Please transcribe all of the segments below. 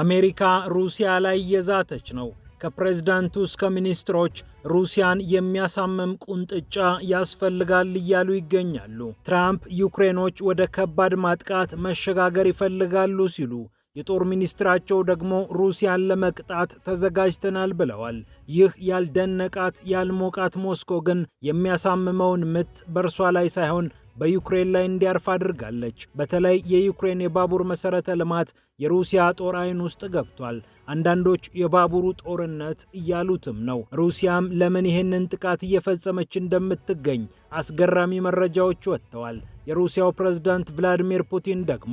አሜሪካ ሩሲያ ላይ እየዛተች ነው። ከፕሬዝዳንቱ እስከ ሚኒስትሮች ሩሲያን የሚያሳምም ቁንጥጫ ያስፈልጋል እያሉ ይገኛሉ። ትራምፕ ዩክሬኖች ወደ ከባድ ማጥቃት መሸጋገር ይፈልጋሉ ሲሉ የጦር ሚኒስትራቸው ደግሞ ሩሲያን ለመቅጣት ተዘጋጅተናል ብለዋል። ይህ ያልደነቃት ያልሞቃት ሞስኮ ግን የሚያሳምመውን ምት በእርሷ ላይ ሳይሆን በዩክሬን ላይ እንዲያርፍ አድርጋለች። በተለይ የዩክሬን የባቡር መሰረተ ልማት የሩሲያ ጦር አይን ውስጥ ገብቷል። አንዳንዶች የባቡሩ ጦርነት እያሉትም ነው። ሩሲያም ለምን ይህንን ጥቃት እየፈጸመች እንደምትገኝ አስገራሚ መረጃዎች ወጥተዋል። የሩሲያው ፕሬዝዳንት ቭላዲሚር ፑቲን ደግሞ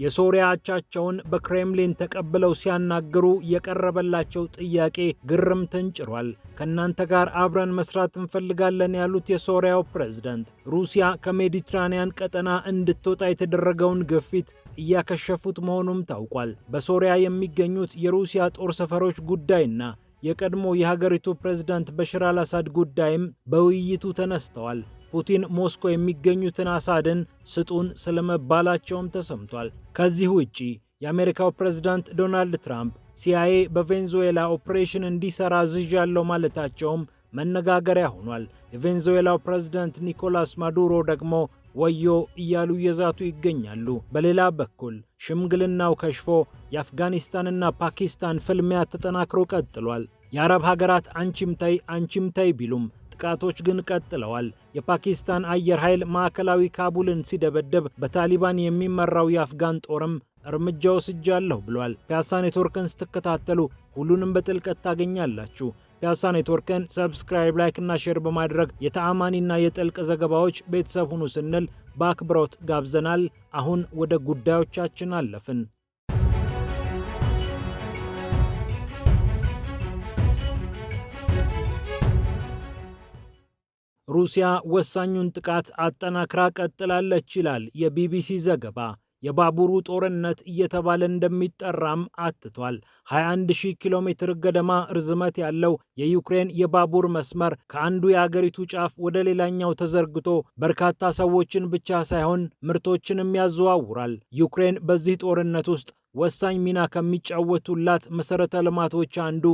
የሶሪያ አቻቸውን በክሬምሊን ተቀብለው ሲያናግሩ የቀረበላቸው ጥያቄ ግርም ተንጭሯል። ከእናንተ ጋር አብረን መስራት እንፈልጋለን ያሉት የሶሪያው ፕሬዝዳንት ሩሲያ ከሜዲትራኒያን ቀጠና እንድትወጣ የተደረገውን ግፊት እያከሸፉት መሆኑም ታውቋል። በሶሪያ የሚገኙት የሩሲያ ጦር ሰፈሮች ጉዳይና የቀድሞ የሀገሪቱ ፕሬዝዳንት በሽር አልአሳድ ጉዳይም በውይይቱ ተነስተዋል። ፑቲን ሞስኮ የሚገኙትን አሳድን ስጡን ስለመባላቸውም ተሰምቷል። ከዚህ ውጪ የአሜሪካው ፕሬዝዳንት ዶናልድ ትራምፕ ሲአይኤ በቬንዙዌላ ኦፕሬሽን እንዲሰራ አዝዣለሁ ማለታቸውም መነጋገሪያ ሆኗል። የቬንዙዌላው ፕሬዝዳንት ኒኮላስ ማዱሮ ደግሞ ወዮ እያሉ እየዛቱ ይገኛሉ። በሌላ በኩል ሽምግልናው ከሽፎ የአፍጋኒስታንና ፓኪስታን ፍልሚያ ተጠናክሮ ቀጥሏል። የአረብ ሀገራት አንቺም ታይ ቢሉም ጥቃቶች ግን ቀጥለዋል። የፓኪስታን አየር ኃይል ማዕከላዊ ካቡልን ሲደበደብ በታሊባን የሚመራው የአፍጋን ጦርም እርምጃ ወስጃለሁ ብሏል። ፒያሳ ኔትወርክን ስትከታተሉ ሁሉንም በጥልቀት ታገኛላችሁ። ፒያሳ ኔትወርክን ሰብስክራይብ፣ ላይክ እና ሼር በማድረግ የተአማኒና የጥልቅ ዘገባዎች ቤተሰብ ሁኑ ስንል በአክብሮት ጋብዘናል። አሁን ወደ ጉዳዮቻችን አለፍን። ሩሲያ ወሳኙን ጥቃት አጠናክራ ቀጥላለች ይላል የቢቢሲ ዘገባ። የባቡሩ ጦርነት እየተባለ እንደሚጠራም አትቷል። 21000 ኪሎ ሜትር ገደማ ርዝመት ያለው የዩክሬን የባቡር መስመር ከአንዱ የአገሪቱ ጫፍ ወደ ሌላኛው ተዘርግቶ በርካታ ሰዎችን ብቻ ሳይሆን ምርቶችንም ያዘዋውራል። ዩክሬን በዚህ ጦርነት ውስጥ ወሳኝ ሚና ከሚጫወቱላት መሠረተ ልማቶች አንዱ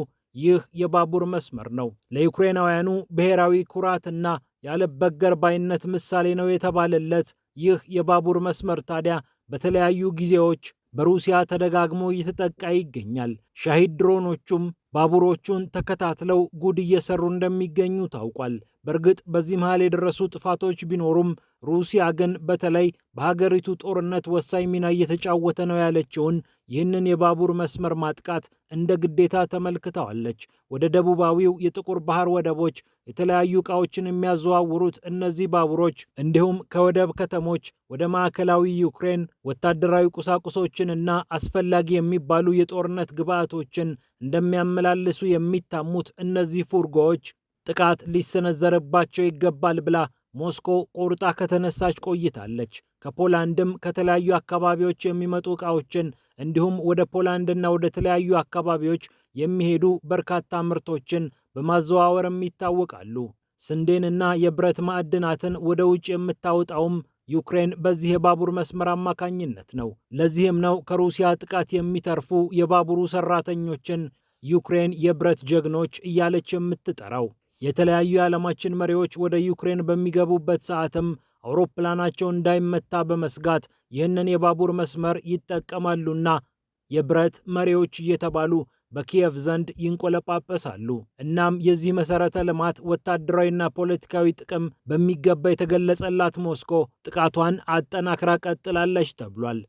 ይህ የባቡር መስመር ነው። ለዩክሬናውያኑ ብሔራዊ ኩራትና ያለበገር ባይነት ምሳሌ ነው የተባለለት ይህ የባቡር መስመር ታዲያ በተለያዩ ጊዜዎች በሩሲያ ተደጋግሞ እየተጠቃ ይገኛል። ሻሂድ ድሮኖቹም ባቡሮቹን ተከታትለው ጉድ እየሰሩ እንደሚገኙ ታውቋል። በእርግጥ በዚህ መሃል የደረሱ ጥፋቶች ቢኖሩም ሩሲያ ግን በተለይ በሀገሪቱ ጦርነት ወሳኝ ሚና እየተጫወተ ነው ያለችውን ይህንን የባቡር መስመር ማጥቃት እንደ ግዴታ ተመልክተዋለች። ወደ ደቡባዊው የጥቁር ባህር ወደቦች የተለያዩ ዕቃዎችን የሚያዘዋውሩት እነዚህ ባቡሮች እንዲሁም ከወደብ ከተሞች ወደ ማዕከላዊ ዩክሬን ወታደራዊ ቁሳቁሶችን እና አስፈላጊ የሚባሉ የጦርነት ግብዓቶችን እንደሚያመላ ሲመላለሱ የሚታሙት እነዚህ ፉርጎዎች ጥቃት ሊሰነዘርባቸው ይገባል ብላ ሞስኮ ቆርጣ ከተነሳች ቆይታለች። ከፖላንድም ከተለያዩ አካባቢዎች የሚመጡ ዕቃዎችን እንዲሁም ወደ ፖላንድና ወደ ተለያዩ አካባቢዎች የሚሄዱ በርካታ ምርቶችን በማዘዋወርም ይታወቃሉ። ስንዴንና የብረት ማዕድናትን ወደ ውጭ የምታወጣውም ዩክሬን በዚህ የባቡር መስመር አማካኝነት ነው። ለዚህም ነው ከሩሲያ ጥቃት የሚተርፉ የባቡሩ ሰራተኞችን ዩክሬን የብረት ጀግኖች እያለች የምትጠራው። የተለያዩ የዓለማችን መሪዎች ወደ ዩክሬን በሚገቡበት ሰዓትም አውሮፕላናቸው እንዳይመታ በመስጋት ይህንን የባቡር መስመር ይጠቀማሉና የብረት መሪዎች እየተባሉ በኪየቭ ዘንድ ይንቆለጳጰሳሉ። እናም የዚህ መሠረተ ልማት ወታደራዊና ፖለቲካዊ ጥቅም በሚገባ የተገለጸላት ሞስኮ ጥቃቷን አጠናክራ ቀጥላለች ተብሏል።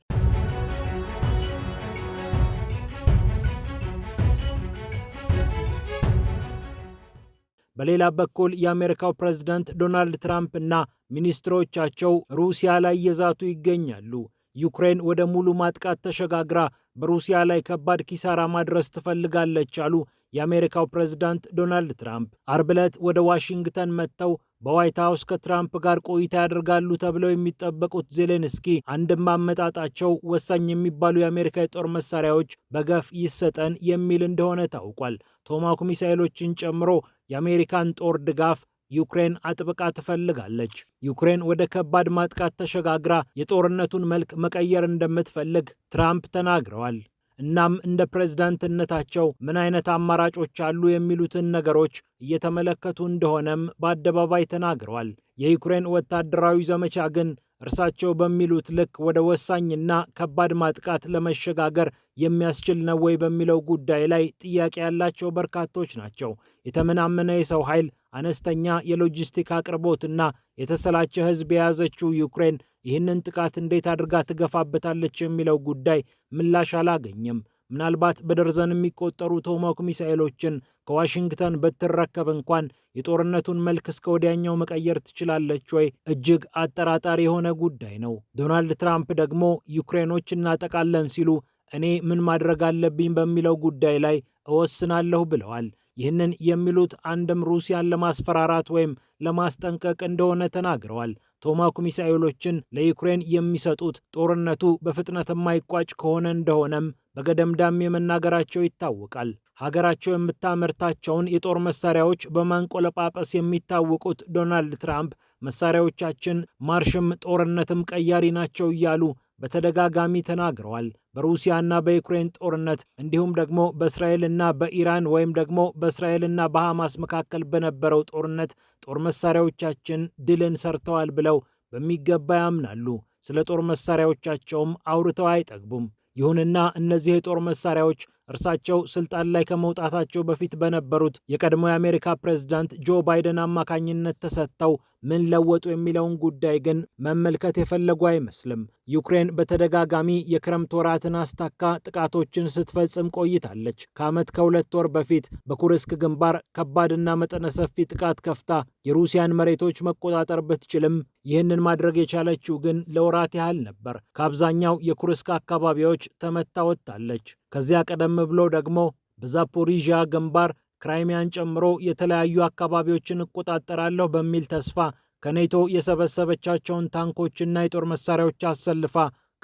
በሌላ በኩል የአሜሪካው ፕሬዝዳንት ዶናልድ ትራምፕ እና ሚኒስትሮቻቸው ሩሲያ ላይ እየዛቱ ይገኛሉ። ዩክሬን ወደ ሙሉ ማጥቃት ተሸጋግራ በሩሲያ ላይ ከባድ ኪሳራ ማድረስ ትፈልጋለች አሉ የአሜሪካው ፕሬዝዳንት ዶናልድ ትራምፕ። አርብ ዕለት ወደ ዋሽንግተን መጥተው በዋይት ሀውስ ከትራምፕ ጋር ቆይታ ያደርጋሉ ተብለው የሚጠበቁት ዜሌንስኪ አንድም አመጣጣቸው ወሳኝ የሚባሉ የአሜሪካ የጦር መሳሪያዎች በገፍ ይሰጠን የሚል እንደሆነ ታውቋል። ቶማሃውክ ሚሳይሎችን ጨምሮ የአሜሪካን ጦር ድጋፍ ዩክሬን አጥብቃ ትፈልጋለች። ዩክሬን ወደ ከባድ ማጥቃት ተሸጋግራ የጦርነቱን መልክ መቀየር እንደምትፈልግ ትራምፕ ተናግረዋል። እናም እንደ ፕሬዝዳንትነታቸው ምን አይነት አማራጮች አሉ የሚሉትን ነገሮች እየተመለከቱ እንደሆነም በአደባባይ ተናግረዋል። የዩክሬን ወታደራዊ ዘመቻ ግን እርሳቸው በሚሉት ልክ ወደ ወሳኝና ከባድ ማጥቃት ለመሸጋገር የሚያስችል ነው ወይ በሚለው ጉዳይ ላይ ጥያቄ ያላቸው በርካቶች ናቸው። የተመናመነ የሰው ኃይል፣ አነስተኛ የሎጂስቲክ አቅርቦትና የተሰላቸ ሕዝብ የያዘችው ዩክሬን ይህንን ጥቃት እንዴት አድርጋ ትገፋበታለች የሚለው ጉዳይ ምላሽ አላገኘም። ምናልባት በደርዘን የሚቆጠሩ ቶማሃውክ ሚሳኤሎችን ከዋሽንግተን ብትረከብ እንኳን የጦርነቱን መልክ እስከ ወዲያኛው መቀየር ትችላለች ወይ? እጅግ አጠራጣሪ የሆነ ጉዳይ ነው። ዶናልድ ትራምፕ ደግሞ ዩክሬኖች እናጠቃለን ሲሉ እኔ ምን ማድረግ አለብኝ በሚለው ጉዳይ ላይ እወስናለሁ ብለዋል። ይህንን የሚሉት አንድም ሩሲያን ለማስፈራራት ወይም ለማስጠንቀቅ እንደሆነ ተናግረዋል። ቶማሃውክ ሚሳኤሎችን ለዩክሬን የሚሰጡት ጦርነቱ በፍጥነት የማይቋጭ ከሆነ እንደሆነም በገደምዳሜ መናገራቸው ይታወቃል። ሀገራቸው የምታመርታቸውን የጦር መሳሪያዎች በማንቆለጳጰስ የሚታወቁት ዶናልድ ትራምፕ መሳሪያዎቻችን ማርሽም ጦርነትም ቀያሪ ናቸው እያሉ በተደጋጋሚ ተናግረዋል። በሩሲያና በዩክሬን ጦርነት እንዲሁም ደግሞ በእስራኤልና በኢራን ወይም ደግሞ በእስራኤልና በሐማስ መካከል በነበረው ጦርነት ጦር መሳሪያዎቻችን ድልን ሰርተዋል ብለው በሚገባ ያምናሉ። ስለ ጦር መሳሪያዎቻቸውም አውርተው አይጠግቡም። ይሁንና እነዚህ የጦር መሳሪያዎች እርሳቸው ስልጣን ላይ ከመውጣታቸው በፊት በነበሩት የቀድሞ የአሜሪካ ፕሬዝዳንት ጆ ባይደን አማካኝነት ተሰጥተው ምን ለወጡ የሚለውን ጉዳይ ግን መመልከት የፈለጉ አይመስልም። ዩክሬን በተደጋጋሚ የክረምት ወራትን አስታካ ጥቃቶችን ስትፈጽም ቆይታለች። ከዓመት ከሁለት ወር በፊት በኩርስክ ግንባር ከባድና መጠነ ሰፊ ጥቃት ከፍታ የሩሲያን መሬቶች መቆጣጠር ብትችልም ይህንን ማድረግ የቻለችው ግን ለወራት ያህል ነበር። ከአብዛኛው የኩርስክ አካባቢዎች ተመታ ወጥታለች። ከዚያ ቀደም ብሎ ደግሞ በዛፖሪዣ ግንባር ክራይሚያን ጨምሮ የተለያዩ አካባቢዎችን እቆጣጠራለሁ በሚል ተስፋ ከኔቶ የሰበሰበቻቸውን ታንኮችና የጦር መሳሪያዎች አሰልፋ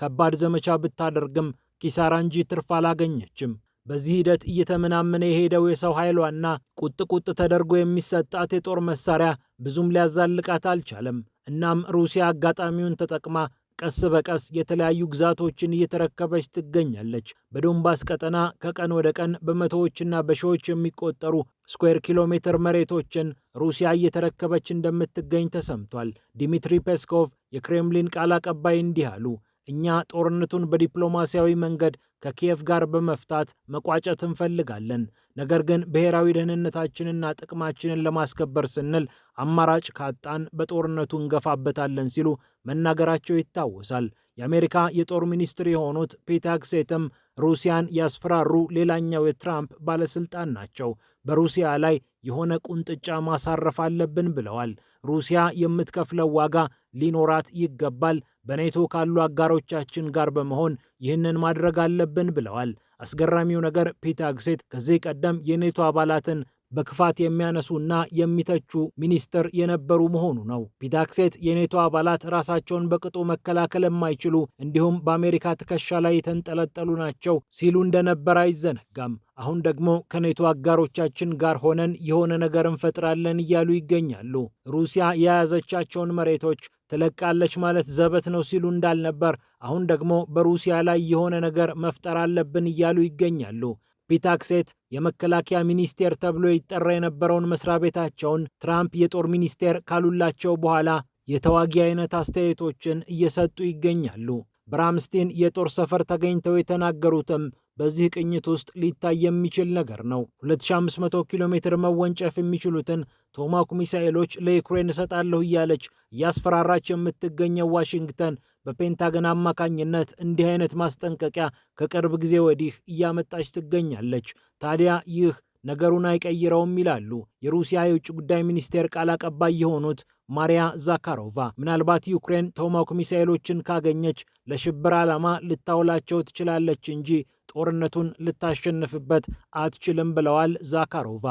ከባድ ዘመቻ ብታደርግም ኪሳራ እንጂ ትርፍ አላገኘችም። በዚህ ሂደት እየተመናመነ የሄደው የሰው ኃይሏና ቁጥ ቁጥ ተደርጎ የሚሰጣት የጦር መሳሪያ ብዙም ሊያዛልቃት አልቻለም። እናም ሩሲያ አጋጣሚውን ተጠቅማ ቀስ በቀስ የተለያዩ ግዛቶችን እየተረከበች ትገኛለች። በዶንባስ ቀጠና ከቀን ወደ ቀን በመቶዎችና በሺዎች የሚቆጠሩ ስኩዌር ኪሎ ሜትር መሬቶችን ሩሲያ እየተረከበች እንደምትገኝ ተሰምቷል። ዲሚትሪ ፔስኮቭ የክሬምሊን ቃል አቀባይ እንዲህ አሉ። እኛ ጦርነቱን በዲፕሎማሲያዊ መንገድ ከኪየቭ ጋር በመፍታት መቋጨት እንፈልጋለን። ነገር ግን ብሔራዊ ደህንነታችንና ጥቅማችንን ለማስከበር ስንል አማራጭ ካጣን በጦርነቱ እንገፋበታለን ሲሉ መናገራቸው ይታወሳል። የአሜሪካ የጦር ሚኒስትር የሆኑት ፒታክ ሴትም ሩሲያን ያስፈራሩ ሌላኛው የትራምፕ ባለስልጣን ናቸው። በሩሲያ ላይ የሆነ ቁንጥጫ ማሳረፍ አለብን ብለዋል። ሩሲያ የምትከፍለው ዋጋ ሊኖራት ይገባል። በኔቶ ካሉ አጋሮቻችን ጋር በመሆን ይህንን ማድረግ አለብን አለብን ብለዋል። አስገራሚው ነገር ፒት አግሴት ከዚህ ቀደም የኔቶ አባላትን በክፋት የሚያነሱና የሚተቹ ሚኒስትር የነበሩ መሆኑ ነው። ፒታክሴት የኔቶ አባላት ራሳቸውን በቅጡ መከላከል የማይችሉ እንዲሁም በአሜሪካ ትከሻ ላይ የተንጠለጠሉ ናቸው ሲሉ እንደነበር አይዘነጋም። አሁን ደግሞ ከኔቶ አጋሮቻችን ጋር ሆነን የሆነ ነገር እንፈጥራለን እያሉ ይገኛሉ። ሩሲያ የያዘቻቸውን መሬቶች ትለቃለች ማለት ዘበት ነው ሲሉ እንዳልነበር፣ አሁን ደግሞ በሩሲያ ላይ የሆነ ነገር መፍጠር አለብን እያሉ ይገኛሉ። ፒታክሴት የመከላከያ ሚኒስቴር ተብሎ ይጠራ የነበረውን መስሪያ ቤታቸውን ትራምፕ የጦር ሚኒስቴር ካሉላቸው በኋላ የተዋጊ አይነት አስተያየቶችን እየሰጡ ይገኛሉ። ብራምስቲን የጦር ሰፈር ተገኝተው የተናገሩትም በዚህ ቅኝት ውስጥ ሊታይ የሚችል ነገር ነው። 2500 ኪሎ ሜትር መወንጨፍ የሚችሉትን ቶማኩ ሚሳኤሎች ለዩክሬን እሰጣለሁ እያለች እያስፈራራች የምትገኘው ዋሽንግተን በፔንታገን አማካኝነት እንዲህ አይነት ማስጠንቀቂያ ከቅርብ ጊዜ ወዲህ እያመጣች ትገኛለች። ታዲያ ይህ ነገሩን አይቀይረውም ይላሉ የሩሲያ የውጭ ጉዳይ ሚኒስቴር ቃል አቀባይ የሆኑት ማሪያ ዛካሮቫ። ምናልባት ዩክሬን ቶማሃውክ ሚሳኤሎችን ካገኘች ለሽብር ዓላማ ልታውላቸው ትችላለች እንጂ ጦርነቱን ልታሸንፍበት አትችልም ብለዋል ዛካሮቫ።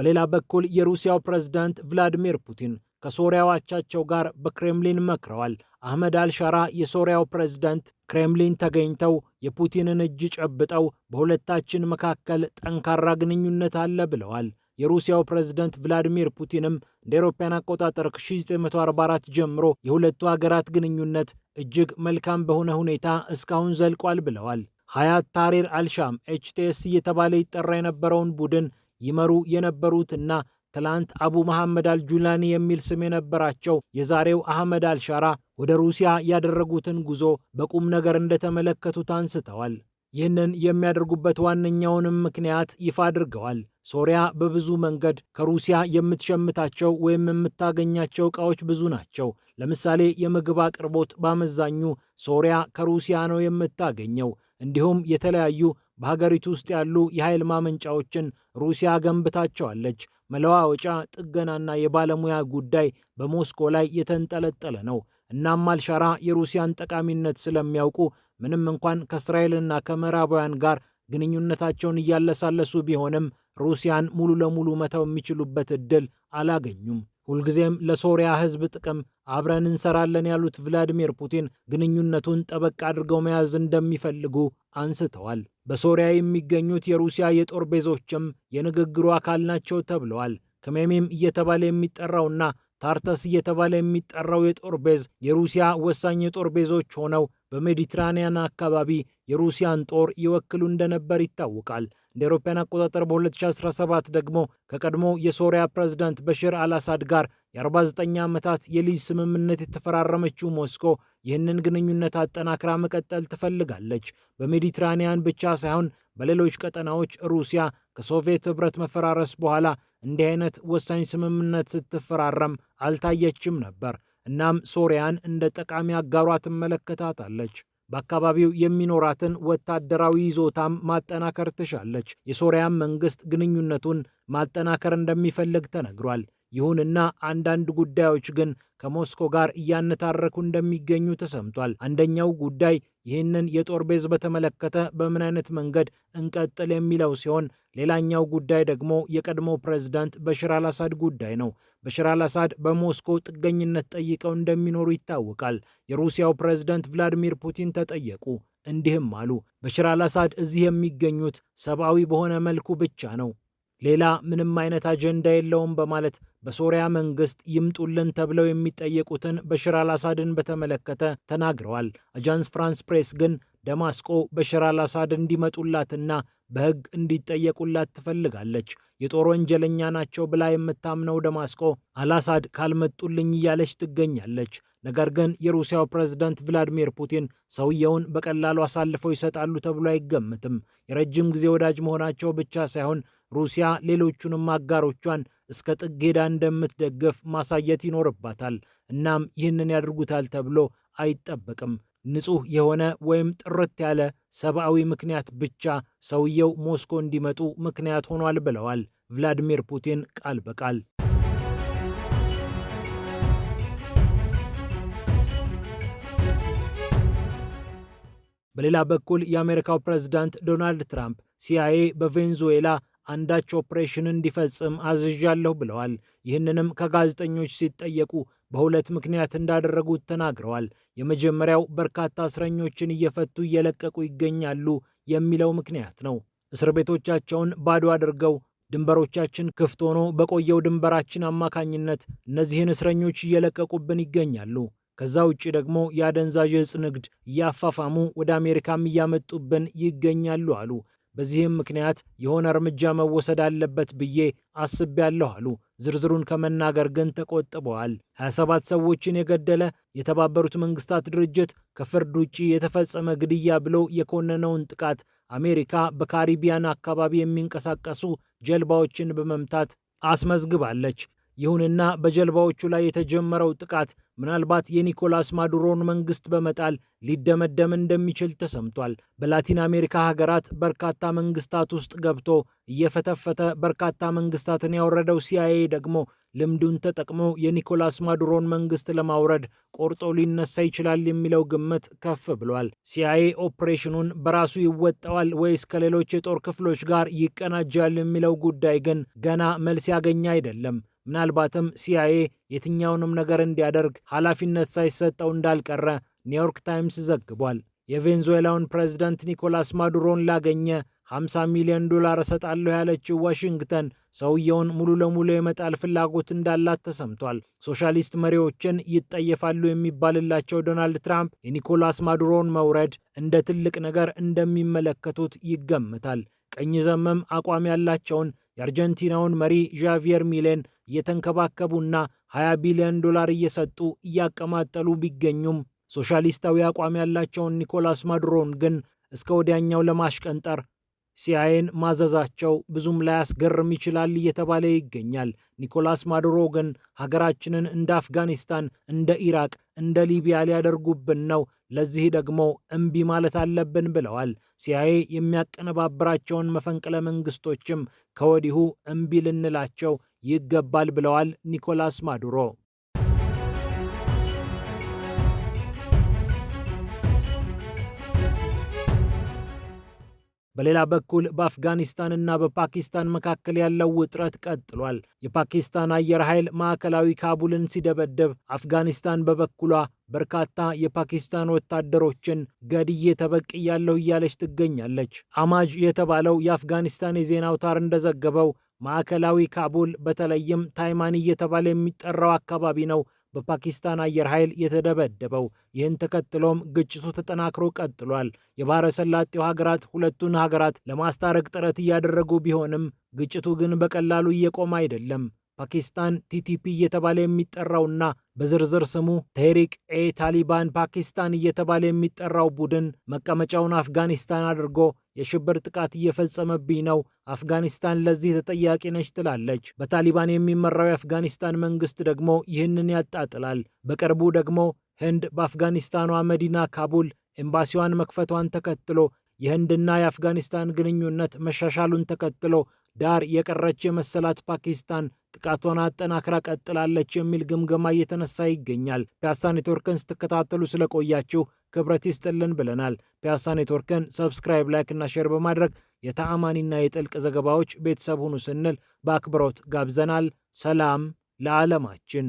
በሌላ በኩል የሩሲያው ፕሬዝዳንት ቭላዲሚር ፑቲን ከሶሪያው አቻቸው ጋር በክሬምሊን መክረዋል። አህመድ አልሻራ የሶሪያው ፕሬዝዳንት ክሬምሊን ተገኝተው የፑቲንን እጅ ጨብጠው በሁለታችን መካከል ጠንካራ ግንኙነት አለ ብለዋል። የሩሲያው ፕሬዝደንት ቭላዲሚር ፑቲንም እንደ አውሮፓውያን አቆጣጠር ከ1944 ጀምሮ የሁለቱ ሀገራት ግንኙነት እጅግ መልካም በሆነ ሁኔታ እስካሁን ዘልቋል ብለዋል። ሀያት ታሪር አልሻም ኤችቲኤስ እየተባለ ይጠራ የነበረውን ቡድን ይመሩ የነበሩት እና ትላንት አቡ መሐመድ አልጁላኒ የሚል ስም የነበራቸው የዛሬው አህመድ አልሻራ ወደ ሩሲያ ያደረጉትን ጉዞ በቁም ነገር እንደተመለከቱት አንስተዋል። ይህንን የሚያደርጉበት ዋነኛውንም ምክንያት ይፋ አድርገዋል። ሶሪያ በብዙ መንገድ ከሩሲያ የምትሸምታቸው ወይም የምታገኛቸው ዕቃዎች ብዙ ናቸው። ለምሳሌ የምግብ አቅርቦት በአመዛኙ ሶሪያ ከሩሲያ ነው የምታገኘው። እንዲሁም የተለያዩ በሀገሪቱ ውስጥ ያሉ የኃይል ማመንጫዎችን ሩሲያ ገንብታቸዋለች። መለዋወጫ፣ ጥገናና የባለሙያ ጉዳይ በሞስኮ ላይ የተንጠለጠለ ነው። እናም አልሻራ የሩሲያን ጠቃሚነት ስለሚያውቁ ምንም እንኳን ከእስራኤልና ከምዕራባውያን ጋር ግንኙነታቸውን እያለሳለሱ ቢሆንም ሩሲያን ሙሉ ለሙሉ መተው የሚችሉበት እድል አላገኙም። ሁልጊዜም ለሶሪያ ህዝብ ጥቅም አብረን እንሰራለን ያሉት ቭላዲሚር ፑቲን ግንኙነቱን ጠበቅ አድርገው መያዝ እንደሚፈልጉ አንስተዋል። በሶሪያ የሚገኙት የሩሲያ የጦር ቤዞችም የንግግሩ አካል ናቸው ተብለዋል። ከሜሜም እየተባለ የሚጠራውና ታርተስ እየተባለ የሚጠራው የጦር ቤዝ የሩሲያ ወሳኝ የጦር ቤዞች ሆነው በሜዲትራኒያን አካባቢ የሩሲያን ጦር ይወክሉ እንደነበር ይታወቃል። እንደ አውሮፓውያን አቆጣጠር በ2017 ደግሞ ከቀድሞ የሶሪያ ፕሬዝዳንት በሽር አልአሳድ ጋር የ49 ዓመታት የሊዝ ስምምነት የተፈራረመችው ሞስኮ ይህንን ግንኙነት አጠናክራ መቀጠል ትፈልጋለች። በሜዲትራኒያን ብቻ ሳይሆን በሌሎች ቀጠናዎች ሩሲያ ከሶቪየት ኅብረት መፈራረስ በኋላ እንዲህ አይነት ወሳኝ ስምምነት ስትፈራረም አልታየችም ነበር። እናም ሶሪያን እንደ ጠቃሚ አጋሯ ትመለከታታለች። በአካባቢው የሚኖራትን ወታደራዊ ይዞታም ማጠናከር ትሻለች። የሶሪያም መንግስት ግንኙነቱን ማጠናከር እንደሚፈልግ ተነግሯል። ይሁንና አንዳንድ ጉዳዮች ግን ከሞስኮ ጋር እያነታረኩ እንደሚገኙ ተሰምቷል። አንደኛው ጉዳይ ይህንን የጦር ቤዝ በተመለከተ በምን አይነት መንገድ እንቀጥል የሚለው ሲሆን ሌላኛው ጉዳይ ደግሞ የቀድሞ ፕሬዝዳንት በሽር አልአሳድ ጉዳይ ነው። በሽር አልአሳድ በሞስኮ ጥገኝነት ጠይቀው እንደሚኖሩ ይታወቃል። የሩሲያው ፕሬዝዳንት ቭላዲሚር ፑቲን ተጠየቁ። እንዲህም አሉ። በሽር አልአሳድ እዚህ የሚገኙት ሰብአዊ በሆነ መልኩ ብቻ ነው ሌላ ምንም አይነት አጀንዳ የለውም በማለት በሶሪያ መንግስት ይምጡልን ተብለው የሚጠየቁትን በሽር አልአሳድን በተመለከተ ተናግረዋል። አጃንስ ፍራንስ ፕሬስ ግን ደማስቆ በሽር አላሳድ እንዲመጡላትና በሕግ እንዲጠየቁላት ትፈልጋለች። የጦር ወንጀለኛ ናቸው ብላ የምታምነው ደማስቆ አላሳድ ካልመጡልኝ እያለች ትገኛለች። ነገር ግን የሩሲያው ፕሬዝደንት ቭላዲሚር ፑቲን ሰውየውን በቀላሉ አሳልፈው ይሰጣሉ ተብሎ አይገምትም። የረጅም ጊዜ ወዳጅ መሆናቸው ብቻ ሳይሆን ሩሲያ ሌሎቹንም አጋሮቿን እስከ ጥግ ሄዳ እንደምትደግፍ ማሳየት ይኖርባታል። እናም ይህንን ያደርጉታል ተብሎ አይጠበቅም። ንጹህ የሆነ ወይም ጥርት ያለ ሰብአዊ ምክንያት ብቻ ሰውየው ሞስኮ እንዲመጡ ምክንያት ሆኗል ብለዋል ቭላዲሚር ፑቲን ቃል በቃል። በሌላ በኩል የአሜሪካው ፕሬዝዳንት ዶናልድ ትራምፕ ሲአይኤ በቬንዙዌላ አንዳች ኦፕሬሽን እንዲፈጽም አዝዣለሁ ብለዋል። ይህንንም ከጋዜጠኞች ሲጠየቁ በሁለት ምክንያት እንዳደረጉት ተናግረዋል። የመጀመሪያው በርካታ እስረኞችን እየፈቱ እየለቀቁ ይገኛሉ የሚለው ምክንያት ነው። እስር ቤቶቻቸውን ባዶ አድርገው ድንበሮቻችን ክፍት ሆኖ በቆየው ድንበራችን አማካኝነት እነዚህን እስረኞች እየለቀቁብን ይገኛሉ። ከዛ ውጭ ደግሞ የአደንዛዥ ዕፅ ንግድ እያፋፋሙ ወደ አሜሪካም እያመጡብን ይገኛሉ አሉ። በዚህም ምክንያት የሆነ እርምጃ መወሰድ አለበት ብዬ አስቤያለሁ አሉ። ዝርዝሩን ከመናገር ግን ተቆጥበዋል። 27 ሰዎችን የገደለ የተባበሩት መንግስታት ድርጅት ከፍርድ ውጭ የተፈጸመ ግድያ ብሎ የኮነነውን ጥቃት አሜሪካ በካሪቢያን አካባቢ የሚንቀሳቀሱ ጀልባዎችን በመምታት አስመዝግባለች። ይሁንና በጀልባዎቹ ላይ የተጀመረው ጥቃት ምናልባት የኒኮላስ ማዱሮን መንግስት በመጣል ሊደመደም እንደሚችል ተሰምቷል። በላቲን አሜሪካ ሀገራት በርካታ መንግስታት ውስጥ ገብቶ እየፈተፈተ በርካታ መንግስታትን ያወረደው ሲአይኤ ደግሞ ልምዱን ተጠቅሞ የኒኮላስ ማዱሮን መንግስት ለማውረድ ቆርጦ ሊነሳ ይችላል የሚለው ግምት ከፍ ብሏል። ሲአይኤ ኦፕሬሽኑን በራሱ ይወጣዋል ወይስ ከሌሎች የጦር ክፍሎች ጋር ይቀናጃል የሚለው ጉዳይ ግን ገና መልስ ያገኘ አይደለም። ምናልባትም ሲአይኤ የትኛውንም ነገር እንዲያደርግ ኃላፊነት ሳይሰጠው እንዳልቀረ ኒውዮርክ ታይምስ ዘግቧል። የቬንዙዌላውን ፕሬዚደንት ኒኮላስ ማዱሮን ላገኘ 50 ሚሊዮን ዶላር እሰጣለሁ ያለችው ዋሽንግተን ሰውየውን ሙሉ ለሙሉ የመጣል ፍላጎት እንዳላት ተሰምቷል። ሶሻሊስት መሪዎችን ይጠየፋሉ የሚባልላቸው ዶናልድ ትራምፕ የኒኮላስ ማዱሮን መውረድ እንደ ትልቅ ነገር እንደሚመለከቱት ይገምታል። ቀኝ ዘመም አቋም ያላቸውን የአርጀንቲናውን መሪ ዣቪየር ሚሌን እየተንከባከቡና 20 ቢሊዮን ዶላር እየሰጡ እያቀማጠሉ ቢገኙም ሶሻሊስታዊ አቋም ያላቸውን ኒኮላስ ማዱሮን ግን እስከ ወዲያኛው ለማሽቀንጠር ሲአይኤን ማዘዛቸው ብዙም ላያስገርም ይችላል እየተባለ ይገኛል። ኒኮላስ ማዱሮ ግን ሀገራችንን እንደ አፍጋኒስታን፣ እንደ ኢራቅ፣ እንደ ሊቢያ ሊያደርጉብን ነው፣ ለዚህ ደግሞ እምቢ ማለት አለብን ብለዋል። ሲአይኤ የሚያቀነባብራቸውን መፈንቅለ መንግስቶችም ከወዲሁ እምቢ ልንላቸው ይገባል ብለዋል ኒኮላስ ማዱሮ። በሌላ በኩል በአፍጋኒስታንና በፓኪስታን መካከል ያለው ውጥረት ቀጥሏል። የፓኪስታን አየር ኃይል ማዕከላዊ ካቡልን ሲደበደብ፣ አፍጋኒስታን በበኩሏ በርካታ የፓኪስታን ወታደሮችን ገድዬ ተበቅያለሁ እያለች ትገኛለች። አማጅ የተባለው የአፍጋኒስታን የዜና አውታር እንደዘገበው ማዕከላዊ ካቡል በተለይም ታይማኒ እየተባለ የሚጠራው አካባቢ ነው በፓኪስታን አየር ኃይል የተደበደበው። ይህን ተከትሎም ግጭቱ ተጠናክሮ ቀጥሏል። የባህረ ሰላጤው ሀገራት ሁለቱን ሀገራት ለማስታረቅ ጥረት እያደረጉ ቢሆንም ግጭቱ ግን በቀላሉ እየቆመ አይደለም። ፓኪስታን ቲቲፒ እየተባለ የሚጠራውና በዝርዝር ስሙ ተህሪክ ኤ ታሊባን ፓኪስታን እየተባለ የሚጠራው ቡድን መቀመጫውን አፍጋኒስታን አድርጎ የሽብር ጥቃት እየፈጸመብኝ ነው፣ አፍጋኒስታን ለዚህ ተጠያቂ ነች ትላለች። በታሊባን የሚመራው የአፍጋኒስታን መንግስት ደግሞ ይህንን ያጣጥላል። በቅርቡ ደግሞ ህንድ በአፍጋኒስታኗ መዲና ካቡል ኤምባሲዋን መክፈቷን ተከትሎ የህንድና የአፍጋኒስታን ግንኙነት መሻሻሉን ተከትሎ ዳር የቀረች የመሰላት ፓኪስታን ጥቃቷን አጠናክራ ቀጥላለች የሚል ግምገማ እየተነሳ ይገኛል። ፒያሳ ኔትወርክን ስትከታተሉ ስለቆያችሁ ክብረት ይስጥልን ብለናል። ፒያሳ ኔትወርክን ሰብስክራይብ፣ ላይክ እና ሼር በማድረግ የተአማኒና የጥልቅ ዘገባዎች ቤተሰብ ሁኑ ስንል በአክብሮት ጋብዘናል። ሰላም ለዓለማችን።